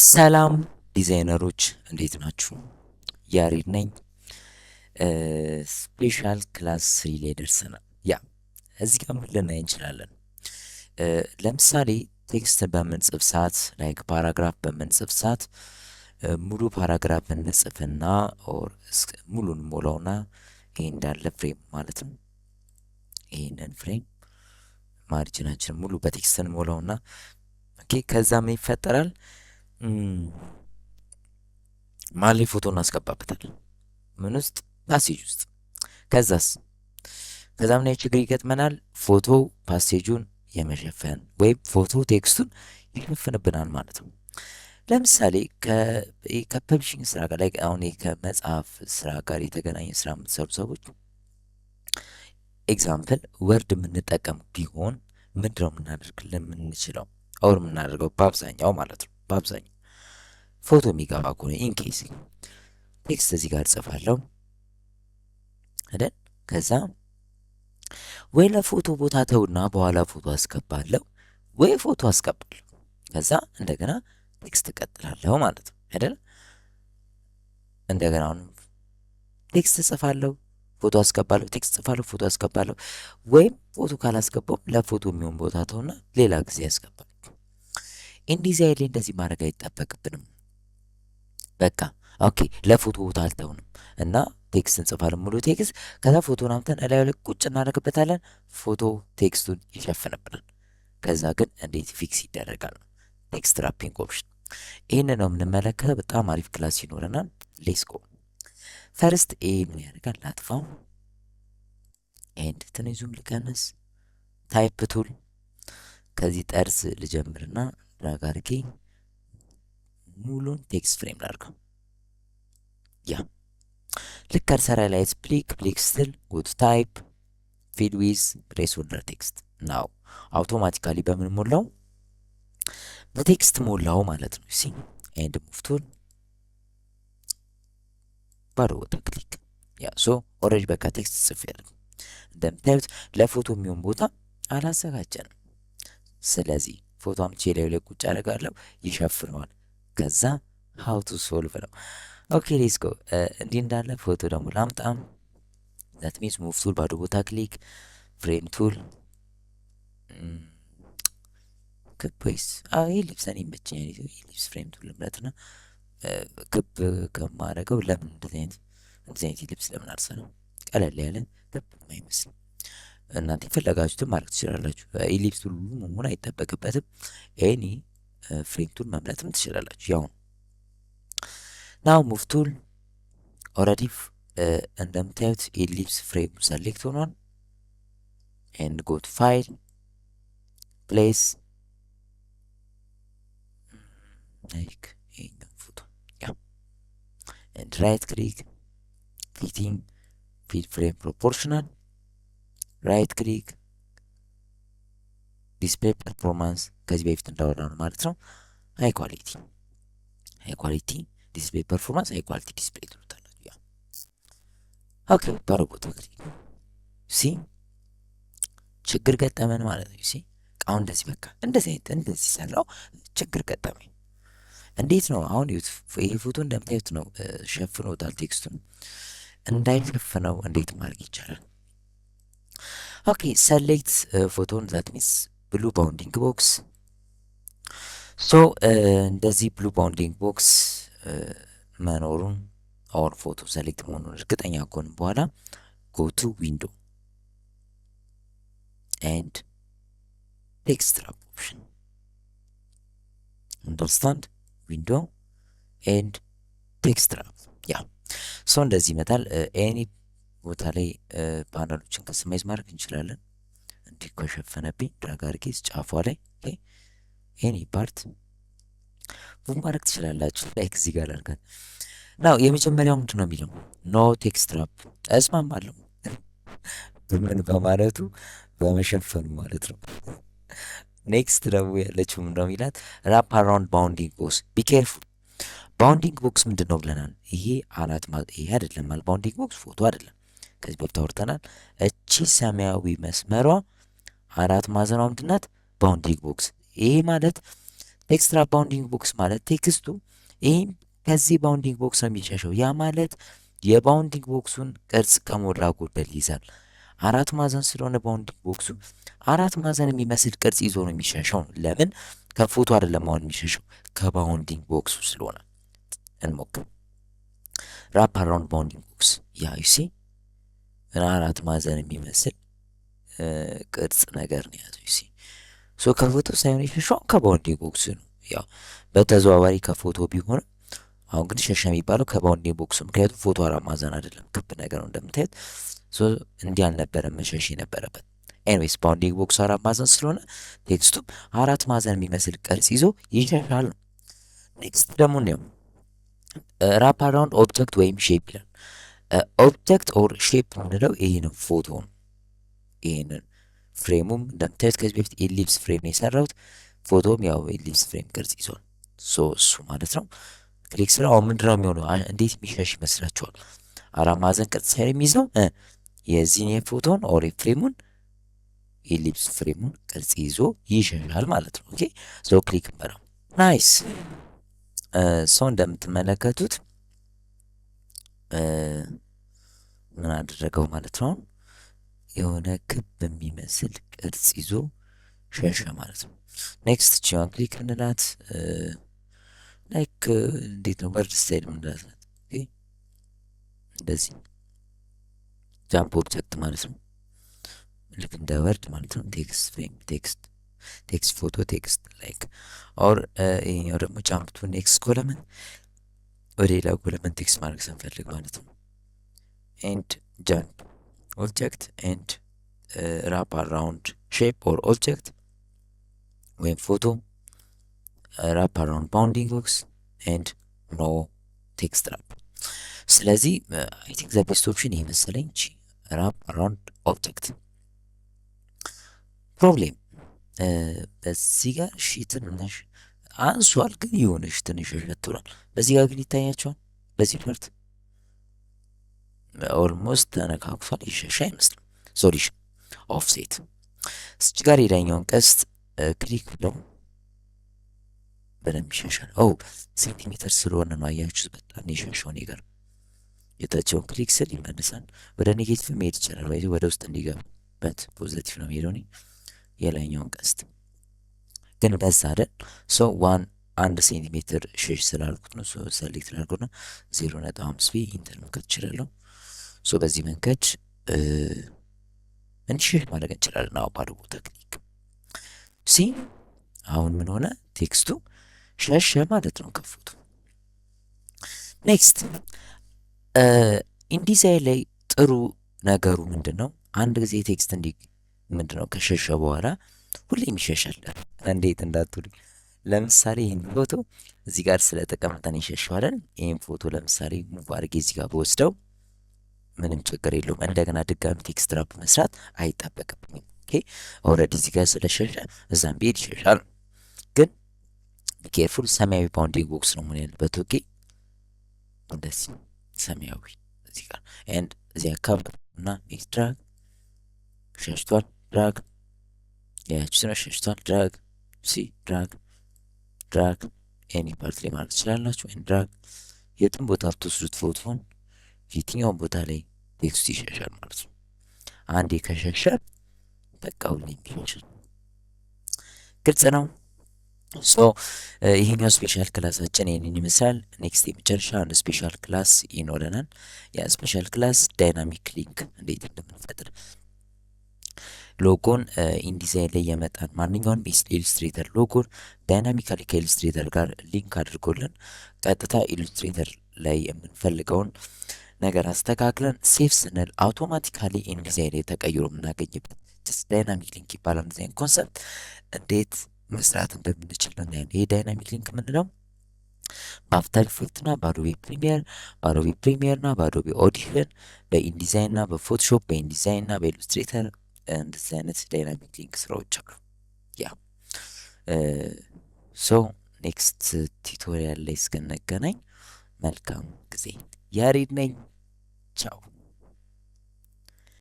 ሰላም ዲዛይነሮች እንዴት ናችሁ? ያሬድ ነኝ። ስፔሻል ክላስ ስሪ ላይ ደርሰናል። ያ እዚህ ጋር ምን ልናይ እንችላለን? ለምሳሌ ቴክስት በምንጽፍ ሰዓት ላይክ ፓራግራፍ በምንጽፍ ሰዓት ሙሉ ፓራግራፍ እንጽፍና ኦር ሙሉን ሞላውና ይሄ እንዳለ ፍሬም ማለት ነው። ይህንን ፍሬም ማርጅናችን ሙሉ በቴክስትን ሞላውና ኦኬ፣ ከዛ ምን ይፈጠራል? ማን ላይ ፎቶ እናስገባበታለን? ምን ውስጥ? ፓሴጅ ውስጥ። ከዛስ ከዛ ምን ችግር ይገጥመናል? ፎቶ ፓሴጁን የመሸፈን ወይም ፎቶ ቴክስቱን ይሸፍንብናል ማለት ነው። ለምሳሌ ከፐብሊሽንግ ስራ ጋር ላይ አሁን ከመጽሐፍ ስራ ጋር የተገናኘ ስራ የምትሰሩ ሰዎች ኤግዛምፕል ወርድ የምንጠቀም ቢሆን ምንድነው የምናደርግልን የምንችለው ኦር የምናደርገው በአብዛኛው ማለት ነው በአብዛኛው ፎቶ የሚገባ ከሆነ ኢንኬስ ቴክስት እዚህ ጋር ጽፋለሁ አይደል? ከዛ ወይ ለፎቶ ቦታ ተውና በኋላ ፎቶ አስገባለሁ ወይ ፎቶ አስገባለሁ። ከዛ እንደገና ቴክስት እቀጥላለሁ ማለት ነው አይደል? እንደገና አሁን ቴክስት ጽፋለሁ፣ ፎቶ አስገባለሁ፣ ቴክስት ጽፋለሁ፣ ፎቶ አስገባለሁ። ወይም ፎቶ ካላስገባውም ለፎቶ የሚሆን ቦታ ተውና ሌላ ጊዜ ያስገባል። እንዲህ አይሌ እንደዚህ ማድረግ አይጠበቅብንም። በቃ ኦኬ። ለፎቶ ቦታ አልተውንም እና ቴክስት እንጽፋለን። ሙሉ ቴክስት ከዛ ፎቶን አምተን እላዩ ላይ ቁጭ እናደርግበታለን። ፎቶ ቴክስቱን ይሸፍንብናል። ከዛ ግን እንዴት ፊክስ ይደረጋል? ቴክስት ራፒንግ ኦፕሽን ይህን ነው የምንመለከተው። በጣም አሪፍ ክላስ ይኖረናል። ሌስኮ ፈርስት ይህን ያደርጋል። ላጥፋው ኤንድ ትንሽ ዙም ልቀንስ። ታይፕ ቱል ከዚህ ጠርዝ ልጀምርና ድራግ አድርጌ ሙሉን ቴክስት ፍሬም ላድርገው። ያ ልክ ከርሰራ ላይ ስፕሊክ ፕሊክ ስትል ጉድ ታይፕ ፊድ ዊዝ ሬስወርደር ቴክስት ናው አውቶማቲካሊ በምን ሞላው በቴክስት ሞላው ማለት ነው። ሲ ኤንድ ሙቭ ቱል ባዶ ቦታ ክሊክ ያ ሶ ኦሬጅ በቃ ቴክስት ጽፍ ያለ እንደምታዩት ለፎቶ የሚሆን ቦታ አላዘጋጀንም። ስለዚህ ፎቶ አምቼ ላይ ቁጭ አደርጋለሁ፣ ይሸፍነዋል። ከዛ ሀው ቱ ሶልቭ ነው። ኦኬ ሌትስ ጎ። እንዲህ እንዳለ ፎቶ ደግሞ ላምጣም። ዛት ሚንስ ሙቭ ቱል ባዶ ቦታ ክሊክ፣ ፍሬም ቱል ክብ ወይስ ይህ ልብስ እኔ ይመቸኛል። ልብስ ፍሬም ቱል ልምረትና ክብ ከማደርገው ለምን እንደዚህ አይነት እንደዚህ አይነት ልብስ ለምን አርሰ ነው ቀለል ያለ ክብ የማይመስል እናንተ የፈለጋችሁትን ማድረግ ትችላላችሁ። ኢሊፕስ ሁሉ መሆን አይጠበቅበትም። ኤኒ ፍሪንግ ቱል መምረጥም ትችላላችሁ። ያው ናው ሙቭ ቱል ኦልሬዲ እንደምታዩት ኢሊፕስ ፍሬም ሰሌክት ሆኗል። ኤንድ ጎ ቱ ፋይል ፕሌስ ላይክ ይሄኛው ፎቶ ያ ኤንድ ራይት ክሊክ ፊቲንግ ፊት ፍሬም ፕሮፖርሽናል ራይት ክሊክ ዲስፕሌይ ፐርፎርማንስ ከዚህ በፊት እንዳወራ ነው ማለት ነው። ሀይ ኳሊቲ ሃይ ኳሊቲ ዲስፕሌይ ፐርፎርማንስ ሃይ ኳሊቲ ዲስፕሌይ ትሉታላችሁ። ያ ኦኬ በረቦት ወቅት ሲ ችግር ገጠመን ማለት ነው። ሲ አሁን እንደዚህ በቃ እንደዚህ እንደዚህ ሰራው ችግር ገጠመኝ። እንዴት ነው አሁን ይህ ፎቶ እንደምታዩት ነው ሸፍኖታል። ቴክስቱን እንዳይሸፍነው እንዴት ማድረግ ይቻላል? ኦኬ ሰሌክት ፎቶን ዛት ሚንስ ብሉ ባውንዲንግ ቦክስ ሶ እንደዚህ ብሉ ባውንዲንግ ቦክስ መኖሩን አወር ፎቶ ሰሌክት መሆኑን እርግጠኛ ከሆን በኋላ ጎቱ ዊንዶ ኤንድ ቴክስት ራፕ ኦፕሽን አንደርስታንድ ዊንዶ ኤንድ ቴክስት ራፕ ያ ሰው እንደዚህ ይመጣል። ኤኒ eh, ቦታ ላይ ፓናሎችን eh, ከስተማይዝ ማድረግ እንችላለን። እንዲህ እኮ ድራግ አድርጌ ጫፏ ላይ ኤኒ ፓርት ቡም ማድረግ ትችላላችሁ። ላይክ እዚህ ጋር አድርጋል ናው የመጀመሪያው ምንድን ነው የሚለው ኖ ቴክስት ራፕ እስማማለሁ። ምን በማለቱ በመሸፈኑ ማለት ነው። ኔክስት ደግሞ ያለችው ምንድነው የሚላት ራፕ አራውንድ ባውንዲንግ ቦክስ ቢኬርፉል። ባውንዲንግ ቦክስ ምንድን ነው ብለናል። ይሄ አራት ይሄ አይደለም ማለት ባውንዲንግ ቦክስ ፎቶ አይደለም፣ ከዚህ በፊት አውርተናል። እቺ ሰማያዊ መስመሯ አራት ማዕዘን አምድ ናት። ባውንዲንግ ቦክስ ይሄ ማለት ኤክስትራ ባውንዲንግ ቦክስ ማለት ቴክስቱ ይህም ከዚህ ባውንዲንግ ቦክስ ነው የሚሻሸው። ያ ማለት የባውንዲንግ ቦክሱን ቅርጽ ከሞላ ጎደል ይይዛል። አራት ማዕዘን ስለሆነ ባውንዲንግ ቦክሱ አራት ማዕዘን የሚመስል ቅርጽ ይዞ ነው የሚሻሸው። ለምን ከፎቶ አይደለም አሁን የሚሻሸው ከባውንዲንግ ቦክሱ ስለሆነ። እንሞክር። ራፕ አራውንድ ባውንዲንግ ቦክስ ያ ዩሲ አራት ማዕዘን የሚመስል ቅርጽ ነገር ነው ያዘው። ሲ ሶ ከፎቶ ሳይሆን የሸሻውን ከባውንዴ ቦክስ ነው ያው በተዘዋዋሪ ከፎቶ ቢሆንም አሁን ግን ሸሸ የሚባለው ከባውንዴ ቦክስ ምክንያቱም ፎቶ አራት ማዕዘን አይደለም ክብ ነገር ነው እንደምታየት። እንዲህ አልነበረም መሸሽ የነበረበት። ኤንዌይስ ባውንዴ ቦክስ አራት ማዕዘን ስለሆነ ቴክስቱም አራት ማዕዘን የሚመስል ቅርጽ ይዞ ይሸሻል ነው። ኔክስት ደግሞ እንዲያውም ራፕ አራውንድ ኦብጀክት ወይም ሼፕ ይላል። ኦብጀክት ኦር ሼፕ የምንለው ይህ ነው ፎቶ ነው። ይህንን ፍሬሙም እንደምታዩት ከዚህ በፊት ኢሊፕስ ፍሬም ነው የሰራሁት። ፎቶም ያው ኢሊፕስ ፍሬም ቅርጽ ይዟል። ሶ እሱ ማለት ነው ክሊክ ስራ አሁን ምንድነው የሚሆነው? እንዴት የሚሻሽ ይመስላችኋል? አራት ማዕዘን ቅርጽ ሳይ የሚይዘው የዚህን የፎቶን ኦር ፍሬሙን ኢሊፕስ ፍሬሙን ቅርጽ ይዞ ይሸሻል ማለት ነው። ኦኬ ሶ ክሊክ እንበለው። ናይስ ሶ እንደምትመለከቱት ምን አደረገው ማለት ነው የሆነ ክብ የሚመስል ቅርጽ ይዞ ሸሸ ማለት ነው። ኔክስት ቺዋን ክሊክ እንላት። ላይክ እንዴት ነው በርድ ስታይል ምንላት ናት። እንደዚህ ጃምፕ ኦብጀክት ማለት ነው። ልክ እንደ ወርድ ማለት ነው። ቴክስት ፍሬም፣ ቴክስት ቴክስት ፎቶ፣ ቴክስት ላይክ ኦር ይሄኛው ደግሞ ጃምፕ ቱ ኔክስት ኮለመን ወደ ሌላ ኮለመን ቴክስት ማድረግ ስንፈልግ ማለት ነው ኤንድ ጃምፕ ኦብጀክት ኤንድ ራፕ አራውንድ ሼፕ ኦር ኦብጀክት ወይም ፎቶ ራፕ አራውንድ ባውንዲንግ ቦክስ ኤንድ ኖ ቴክስት ራፕ። ስለዚህ አይ ቲንክ ዘ ቤስት ኦፕሽን ይህ መሰለኝ ራፕ አራውንድ ኦብጀክት። ፕሮብሌም በዚህ ጋር እሺ ትንሽ አንሷል፣ ግን የሆነሽ ትንሽ ሸት ብሏል። በዚህ ጋር ግን ይታያቸዋል በዚህ ኦልሞስት ተነካክፏል። ይሸሻ አይመስልም። ሶሪ ኦፍሴት እስቺ ጋር የዳኛውን ቀስት ክሊክ ብለው በደንብ ይሸሻል። ኦ ሴንቲሜትር ስለሆነ ነው። አያችሁ በጣም የሸሸው ነገር የታቸውን ክሊክ ስል ይመልሳል። ወደ ኔጌቲቭ መሄድ ይችላል፣ ወይ ወደ ውስጥ እንዲገባበት ፖዘቲቭ ነው ሄደው የላይኛውን ቀስት ግን በዛ አይደል ሰው ዋን አንድ ሴንቲሜትር ሸሽ ስላልኩት ነው ሰሌክት ላልኩት ነው ዜሮ ነጥብ አምስት ኢንተር መከት ችላለሁ። ሶ በዚህ መንገድ እንሽህ ማድረግ እንችላለን። አሁን ባድርጎ ቴክኒክ ሲ አሁን ምን ሆነ? ቴክስቱ ሸሸ ማለት ነው ከፎቱ። ኔክስት ኢንዲዛይን ላይ ጥሩ ነገሩ ምንድን ነው? አንድ ጊዜ ቴክስት እንዲ ምንድን ነው ከሸሸ በኋላ ሁሌም ይሸሻል። እንዴት እንዳትሉ ለምሳሌ ይህን ፎቶ እዚህ ጋር ስለተቀመጠን ይሸሸዋለን። ይህን ፎቶ ለምሳሌ ሙቭ አድርጌ እዚህ ጋር በወስደው ምንም ችግር የለውም። እንደገና ድጋሚ ቴክስት ድራፕ መስራት አይጠበቅብኝም። ኦኬ ኦልሬዲ እዚህ ጋር ስለሸሸ እዛም ብሄድ ይሸሻል። ግን ኬርፉል ሰማያዊ ባውንዲንግ ቦክስ ነው ምን ያለበት። ኦኬ እንደዚህ ሰማያዊ እዚህ ጋር ኤንድ እዚህ አካባቢ እና ኔክስት ድራግ ሸሽቷል። ድራግ ያያችሁ ነው ሸሽቷል። ድራግ ሲ ድራግ ድራግ ኤኒ ፓርት ላይ ማለት ትችላላችሁ። ኤንድ ድራግ የትም ቦታ ብትወስዱት ፎቶን የትኛውን ቦታ ላይ ቴክስቱ ይሸሻል ማለት ነው። አንዴ ከሸሸ በቃ ሁሌ ግልጽ ነው። ሶ ይሄኛው ስፔሻል ክላሳችን ይህንን ይመስላል። ኔክስት የመጨረሻ አንድ ስፔሻል ክላስ ይኖረናል። ያ ስፔሻል ክላስ ዳይናሚክ ሊንክ እንዴት እንደምንፈጥር ሎጎን ኢንዲዛይን ላይ የመጣን ማንኛውንም ኢሉስትሬተር ሎጎን ዳይናሚካሊ ከኢሉስትሬተር ጋር ሊንክ አድርጎልን ቀጥታ ኢሉስትሬተር ላይ የምንፈልገውን ነገር አስተካክለን ሴፍ ስንል አውቶማቲካሊ ኢንዲዚ አይነት ተቀይሮ የምናገኝበት ስ ዳይናሚክ ሊንክ ይባላል። ዲዛይን ኮንሰፕት እንዴት መስራት እንደምንችል እናያለን። ይህ ዳይናሚክ ሊንክ ምንለው በአፍተር ኢፌክት ና በአዶቤ ፕሪሚየር በአዶቤ ፕሪሚየር ና በአዶቤ ኦዲሽን በኢንዲዛይን ና በፎቶሾፕ በኢንዲዛይን ና በኢሉስትሬተር እንደዚህ አይነት ዳይናሚክ ሊንክ ስራዎች አሉ። ያ ሶ ኔክስት ቲቶሪያል ላይ እስክንገናኝ መልካም ጊዜ። ያሬድ ነኝ። Ciao